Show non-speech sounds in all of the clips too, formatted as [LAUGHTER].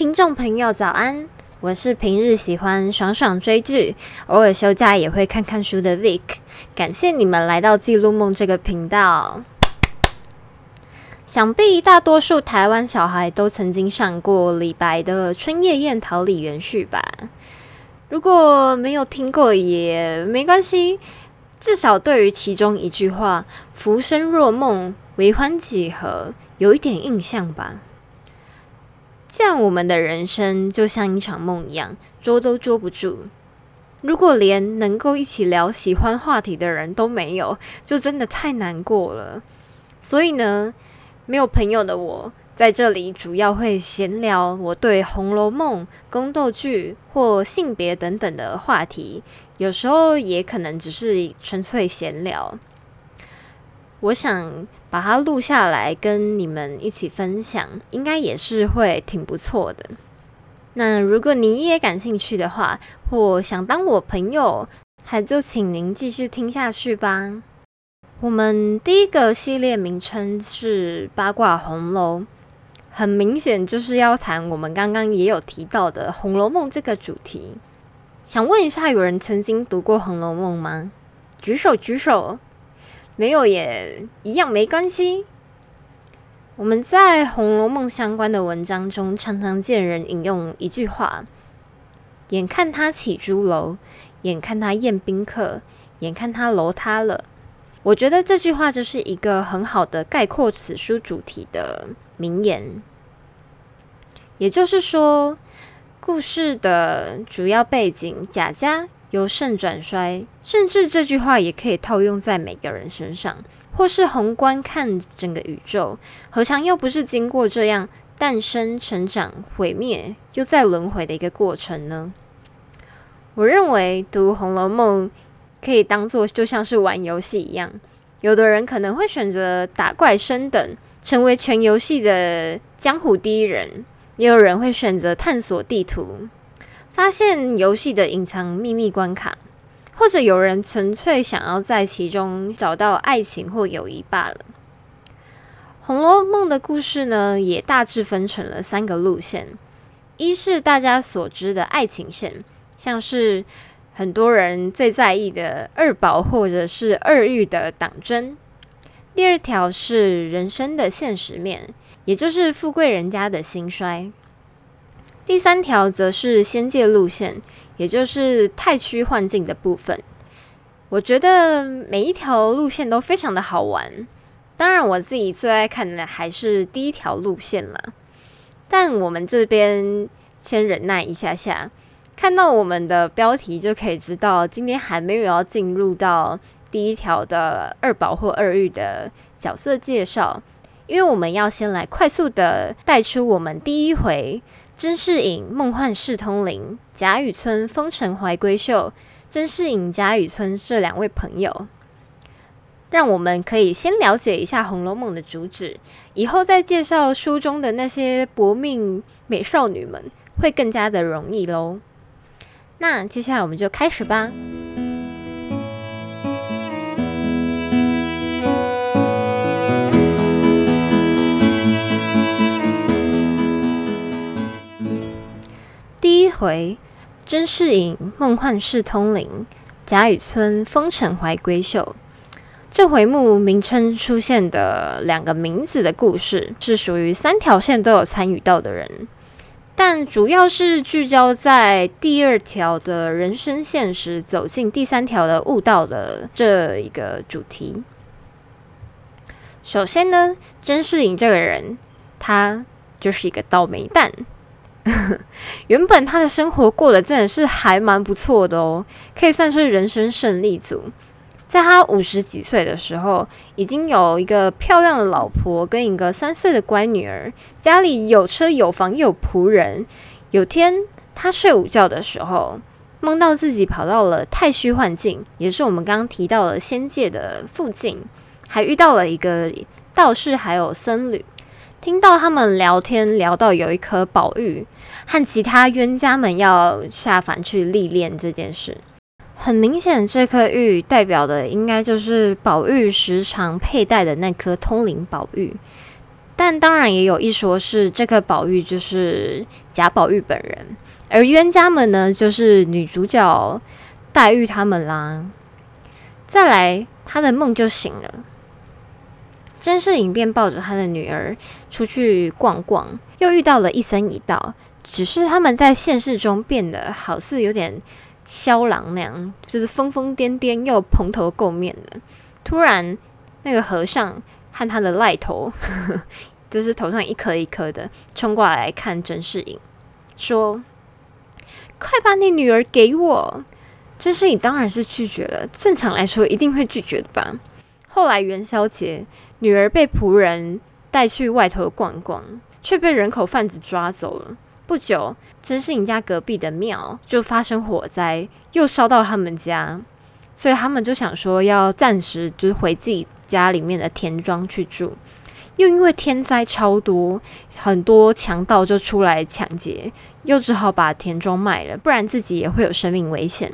聽眾朋友，早安！我是平日喜歡爽爽追劇，偶爾休假也會看看書的 Vic。感謝你們來到《記錄夢》這個頻道。 [COUGHS] 想必大多數台灣小孩都曾經上過李白的《春夜宴桃李園序》吧？如果沒有聽過也沒關係，至少對於其中一句話“浮生若夢，為歡幾何”有一點印象吧？這樣，我們的人生就像一場夢一樣，捉都捉不住。如果連能夠一起聊喜歡話題的人都沒有，就真的太難過了。所以呢，沒有朋友的我在這裡主要會閒聊我對《紅樓夢》、宮鬥劇或性別等等的話題，有時候也可能只是純粹閒聊。我想把它錄下來，跟你們一起分享，應該也是會挺不錯的。那如果你也感興趣的話，或想當我朋友，還就請您繼續聽下去吧。我們第一個系列名稱是《八卦紅樓》，很明顯就是要談我們剛剛也有提到的《紅樓夢》這個主題。想問一下，有人曾經讀過《紅樓夢》嗎？舉手，舉手。沒有也一樣沒關係。我們在《紅樓夢》相關的文章中，常常見人引用一句話：“眼看他起朱樓，眼看他宴賓客，眼看他樓塌了。”我覺得這句話就是一個很好的概括此書主題的名言。也就是說，故事的主要背景賈家。由盛轉衰，甚至這句話也可以套用在每個人身上，或是宏觀看整個宇宙，何嘗又不是經過這樣誕生、成長、毀滅又再輪回的一個過程呢？我認為讀《紅樓夢》可以當做就像是玩遊戲一樣，有的人可能會選擇打怪升等，成為全遊戲的江湖第一人，也有人會選擇探索地圖。發現遊戲的隱藏秘密關卡，或者有人純粹想要在其中找到愛情或友誼罷了。《紅樓夢》的故事呢，也大致分成了三個路線：一是大家所知的愛情線，像是很多人最在意的二寶或者是二玉的黨爭；第二條是人生的現實面，也就是富貴人家的興衰。第三條則是仙界路線，也就是太虛幻境的部分。我覺得每一條路線都非常的好玩，當然我自己最愛看的還是第一條路線了。但我們這邊先忍耐一下下，看到我們的標題就可以知道，今天還沒有要進入到第一條的二寶或二玉的角色介紹，因為我們要先來快速的帶出我們第一回。甄士隱、夢幻識通靈，賈雨村、風塵懷閨秀，甄士隱、賈雨村這兩位朋友，讓我們可以先了解一下《紅樓夢》的主旨，以後再介紹書中的那些薄命美少女們會更加的容易嘍。那接下來我們就開始吧。第一回，甄士隱夢幻識通靈，賈雨村風塵懷閨秀。這回目名稱出現的兩個名字的故事，是屬於三條線都有參與到的人，但主要是聚焦在第二條的人生現實，走進第三條的悟道的這一個主題。首先呢，甄士隱這個人，他就是一個倒霉蛋。 [LAUGHS] 原本他的生活過得真的是還蠻不錯的哦，可以算是人生勝利組。在他五十幾歲的時候，已經有一個漂亮的老婆跟一個三歲的乖女兒，家裡有車有房有僕人。有天他睡午覺的時候，夢到自己跑到了太虛幻境，也是我們剛剛提到的仙界的附近，還遇到了一個道士還有僧侶。聽到他們聊天，聊到有一顆寶玉和其他冤家們要下凡去歷練這件事，很明顯，這顆玉代表的應該就是寶玉時常佩戴的那顆通靈寶玉。但當然也有一說是，這顆寶玉就是賈寶玉本人，而冤家們呢，就是女主角黛玉他們啦。再來，他的夢就醒了。甄士隱便抱着他的女兒出去逛逛，又遇到了一僧一道。只是他們在現實中變得好似有點蕭郎那樣，就是瘋瘋癲癲又蓬頭垢面的。突然，那個和尚和他的癩頭呵呵，就是頭上一顆一顆的衝過來看，看甄士隱說：“快把你女兒給我！”甄士隱當然是拒絕了，正常來說一定會拒絕的吧？後來元宵節。女兒被僕人帶去外頭逛逛，卻被人口販子抓走了。不久，甄士隱家隔壁的廟就發生火災，又燒到他們家，所以他們就想說要暫時就回自己家裡面的田莊去住。又因為天災超多，很多強盜就出來搶劫，又只好把田莊賣了，不然自己也會有生命危險。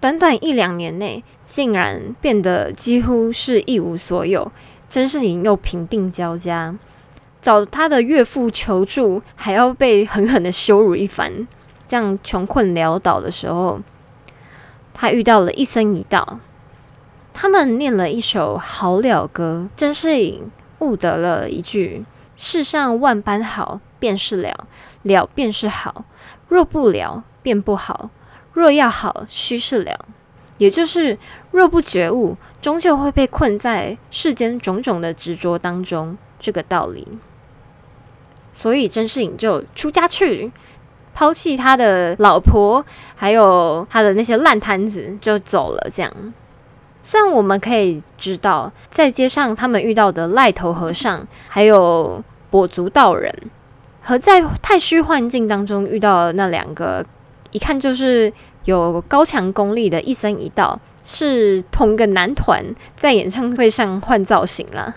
短短一兩年內，竟然變得幾乎是一無所有。甄士隱又貧病交加，找他的岳父，求助，還要被狠狠的羞辱一番。這樣窮困潦倒的時候，他遇到了一僧一道。他們念了一首好了歌，甄士隱悟得了一句：世上萬般好，便是了；了便是好，若不了，便不好。若要好，須是了，也就是若不覺悟，終究會被困在世間種種的執着當中。這個道理，所以甄士隱就出家去，拋棄他的老婆，還有他的那些爛攤子，就走了。這樣，雖然我們可以知道，在街上他們遇到的癩頭和尚，還有跛足道人，和在太虛幻境當中遇到的那兩個，一看就是，有高強功力的一僧一道是同個男團在演唱會上換造型了。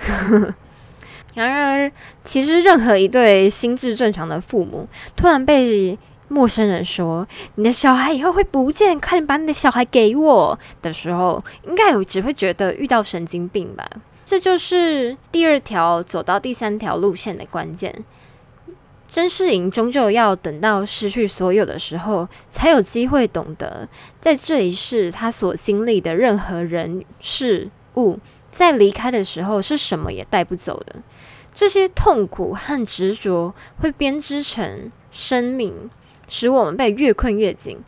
然而，其實任何一對心智正常的父母，突然被陌生人說：“你的小孩以後會不見，快點把你的小孩給我！”的時候，應該有只會覺得遇到神經病吧？這就是第二條走到第三條路線的關鍵。甄士隱終究要等到失去所有的時候，才有機會懂得，在這一世他所經歷的任何人事物，在離開的時候是什麼也帶不走的。這些痛苦和執着會編織成生命，使我們被越困越緊。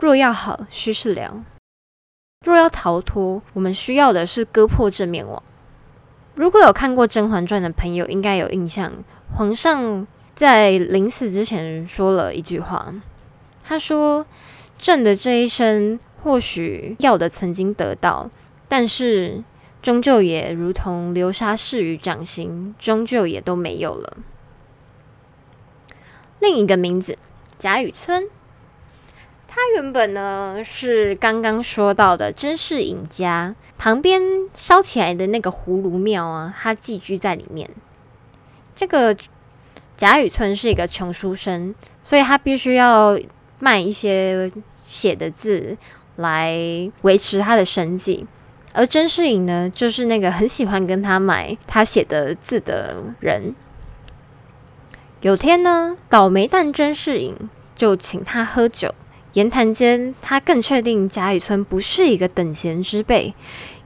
若要好，須是了；若要逃脫，我們需要的是割破這面網。如果有看過《甄嬛傳》的朋友，應該有印象，皇上。在臨死之前說了一句話，他說：“朕的這一生，或許要的曾經得到，但是終究也如同流沙逝於掌心，終究也都沒有了。”另一個名字賈雨村，他原本呢是剛剛說到的甄士隱家旁邊燒起來的那個葫蘆廟啊，他寄居在裡面。這個。賈雨村是一個窮書生，所以他必須要賣一些寫的字來維持他的生計。而甄士隱呢，就是那個很喜歡跟他買他寫的字的人。有天呢，倒霉蛋甄士隱就請他喝酒，言談間他更確定賈雨村不是一個等閒之輩，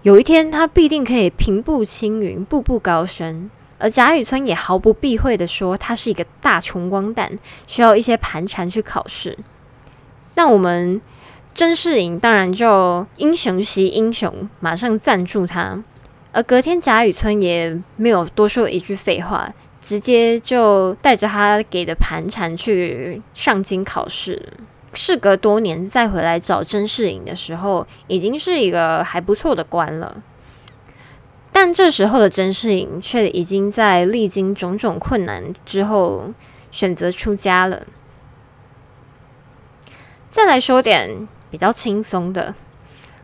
有一天他必定可以平步青雲，步步高升。而賈雨村也毫不避諱的說，他是一個大窮光蛋，需要一些盤纏去考試。但我們甄士隱當然就英雄惜英雄，馬上贊助他。而隔天賈雨村也沒有多說一句廢話，直接就帶着他給的盤纏去上京考試。事隔多年再回來找甄士隱的時候，已經是一個還不錯的官了。但這時候的甄士隱卻已經在歷經種種困難之後選擇出家了。再來說點比較輕鬆的，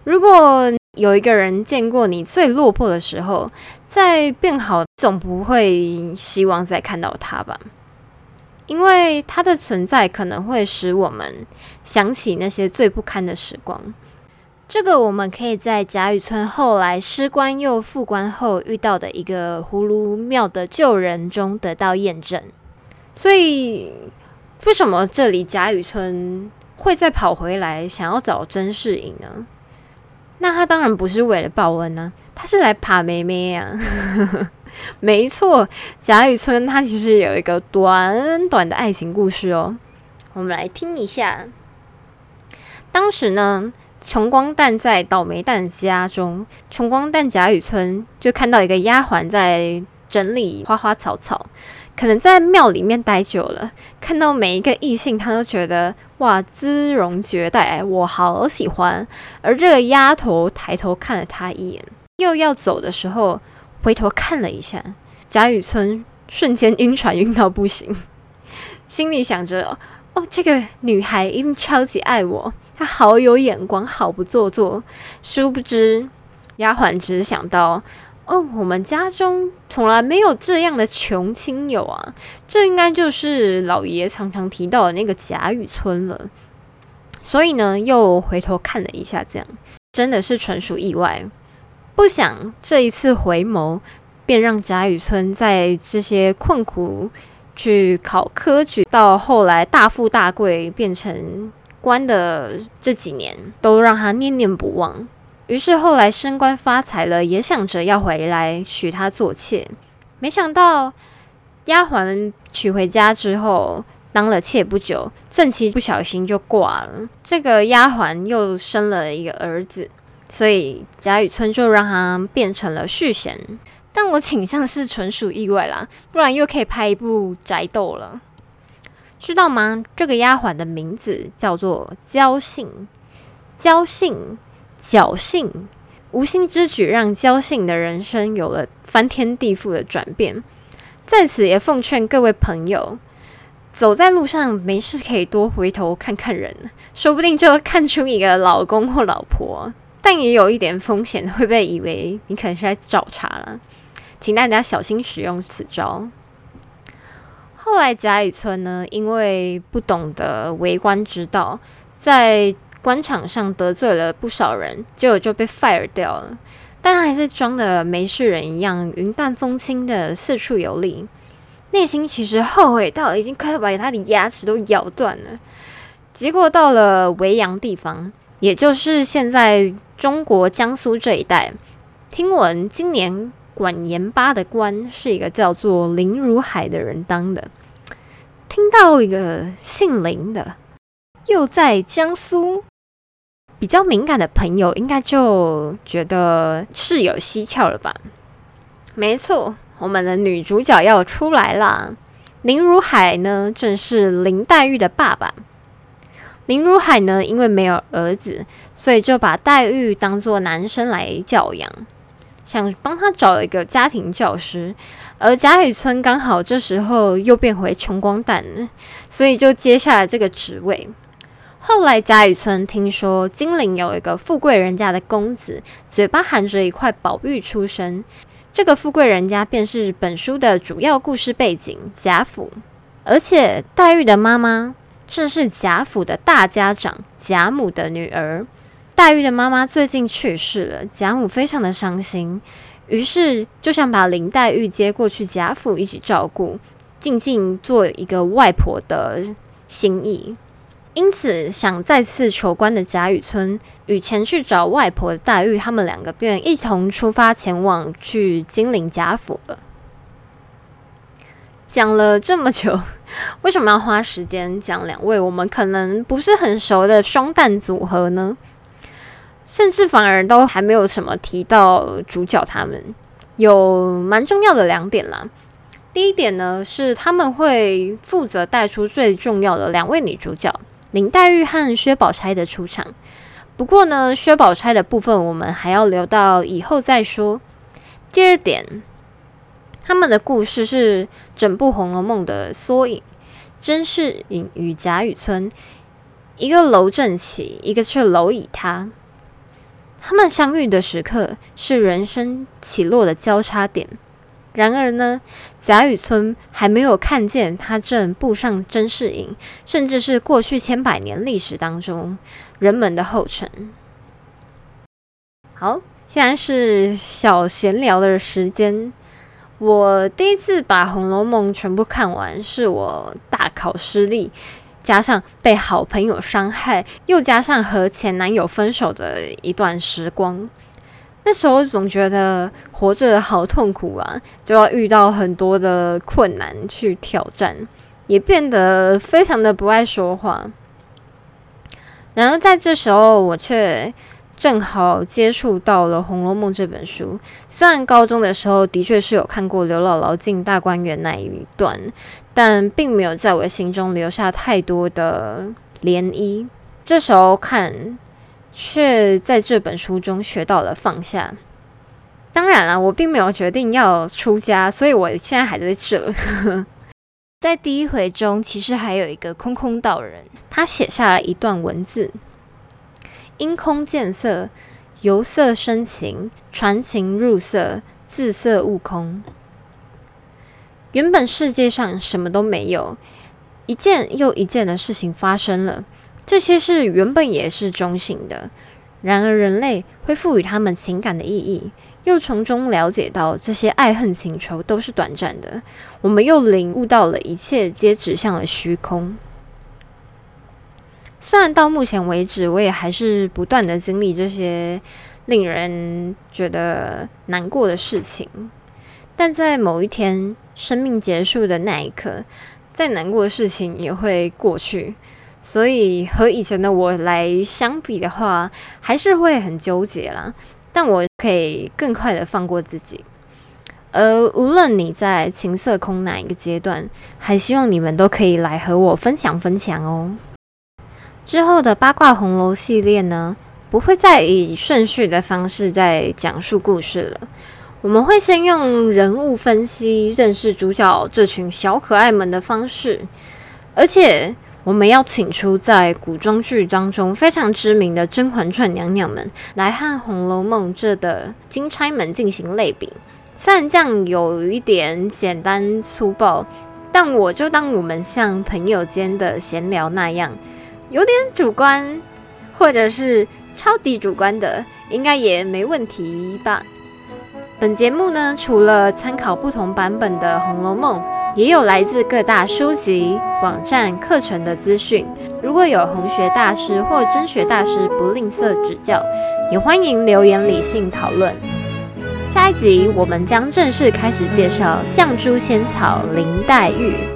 如果有一個人見過你最落魄的時候，再變好，總不會希望再看到他吧？因為他的存在可能會使我們想起那些最不堪的時光。這個我們可以在賈雨村後來失官又復官後遇到的一個葫蘆廟的舊人中得到驗證。所以，為什麼這裡賈雨村會再跑回來想要找甄士隱呢？那他當然不是為了報恩呢、啊，他是來爬妹妹呀、啊。 [LAUGHS] 沒錯，賈雨村他其實有一個短短的愛情故事哦，我們來聽一下。當時呢。窮光蛋在倒霉蛋的家中，窮光蛋賈雨村就看到一個丫鬟在整理花花草草，可能在廟裡面待久了，看到每一個異性，他都覺得哇，姿容絕代，哎，我好喜歡。而這個丫頭抬頭看了他一眼，又要走的時候，回頭看了一下，賈雨村瞬間暈船暈到不行，心裡想着，哦。哦，這個女孩一定超級愛我，她好有眼光，好不做作。殊不知，丫鬟只想到，哦，我們家中從來沒有這樣的窮親友啊，這應該就是老爺常常提到的那個賈雨村了。所以呢，又回頭看了一下，這樣真的是純屬意外。不想這一次回眸，便讓賈雨村在這些困苦。去考科舉，到後來大富大貴，變成官的這幾年，都讓他念念不忘。於是後來升官發財了，也想着要回來娶她做妾。沒想到丫鬟娶回家之後，當了妾不久，正妻不小心就掛了。這個丫鬟又生了一個兒子，所以賈雨村就讓她變成了續弦。但我傾向是純屬意外啦，不然又可以拍一部宅鬥了，知道嗎？這個丫鬟的名字叫做嬌杏，嬌杏，僥倖，無心之舉讓嬌杏的人生有了翻天地覆的轉變。在此也奉勸各位朋友，走在路上沒事可以多回頭看看人，說不定就看出你的老公或老婆，但也有一點風險，會被以為你可能是來找茬了。請大家小心使用此招。後來賈雨村呢，因為不懂得為官之道，在官場上得罪了不少人，結果就被 fire 掉了。但他還是裝得沒事人一樣，雲淡風輕的四處游歷，內心其實後悔到了已經快把他的牙齒都咬斷了。結果到了維揚地方，也就是現在中國江蘇這一帶，聽聞今年。管鹽巴的官是一個叫做林如海的人當的，聽到一個姓林的，又在江蘇，比較敏感的朋友應該就覺得事有蹊蹺了吧？沒錯，我們的女主角要出來啦。林如海呢，正是林黛玉的爸爸。林如海呢，因為沒有兒子，所以就把黛玉當做男生來教養。想幫他找一個家庭教師，而賈雨村剛好這時候又變回窮光蛋了，所以就接下來這個職位。後來賈雨村聽說金陵有一個富貴人家的公子，嘴巴含着一塊寶玉出生，這個富貴人家便是本書的主要故事背景賈府，而且黛玉的媽媽正是賈府的大家長賈母的女兒。黛玉的媽媽最近去世了，賈母非常的傷心，於是就想把林黛玉接過去賈府一起照顧，盡盡做一個外婆的心意。因此，想再次求官的賈雨村與前去找外婆的黛玉，他們兩個便一同出發前往去金陵賈府了。講了這麼久，為什麼要花時間講兩位我們可能不是很熟的雙蛋組合呢？甚至反而都還沒有什麼提到主角，他們有蠻重要的兩點啦。第一點呢，是他們會負責帶出最重要的兩位女主角林黛玉和薛寶釵的出場。不過呢，薛寶釵的部分我們還要留到以後再說。第二點，他們的故事是整部《紅樓夢》的縮影。甄士隱與賈雨村，一個樓正起，一個是樓已塌。他們相遇的時刻是人生起落的交叉點。然而呢，賈雨村還沒有看見他正步上甄士隱，甚至是過去千百年歷史當中人們的後塵。好，現在是小閒聊的時間。我第一次把《紅樓夢》全部看完，是我大考失利，加上被好朋友傷害，又加上和前男友分手的一段時光，那時候總覺得活着好痛苦啊，就要遇到很多的困難去挑戰，也變得非常的不愛說話。然而在這時候，我卻正好接觸到了《紅樓夢》這本書。雖然高中的時候的確是有看過劉姥姥進大觀園那一段。但並沒有在我心中留下太多的漣漪。這時候看，卻在這本書中學到了放下。當然了，我並沒有決定要出家，所以我現在還在這。 [LAUGHS] 在第一回中，其實還有一個空空道人，他寫下了一段文字：“因空見色，由色生情，傳情入色，自色悟空。”原本世界上什麼都沒有，一件又一件的事情發生了。這些事原本也是中性的，然而人類會賦予他們情感的意義，又從中了解到這些愛恨情仇都是短暫的。我們又領悟到了一切皆指向了虛空。雖然到目前為止，我也還是不斷地經歷這些令人覺得難過的事情。但在某一天生命結束的那一刻，再難過的事情也會過去。所以和以前的我來相比的話，還是會很糾結啦。但我可以更快的放過自己。而無論你在自色悟空哪一個階段，還希望你們都可以來和我分享分享哦。之後的八卦紅樓系列呢，不會再以順序的方式再講述故事了。我們會先用人物分析認識主角這群小可愛們的方式，而且我們要請出在古裝劇當中非常知名的《甄嬛傳》娘娘們來和《紅樓夢》這的金釵們進行類比。雖然這樣有一點簡單粗暴，但我就當我們像朋友間的閒聊那樣，有點主觀，或者是超級主觀的，應該也沒問題吧。本節目呢，除了參考不同版本的《紅樓夢》，也有來自各大書籍、網站、課程的資訊。如果有紅學大師或真學大師不吝嗇指教，也歡迎留言理性討論。下一集我們將正式開始介紹絳珠仙草林黛玉。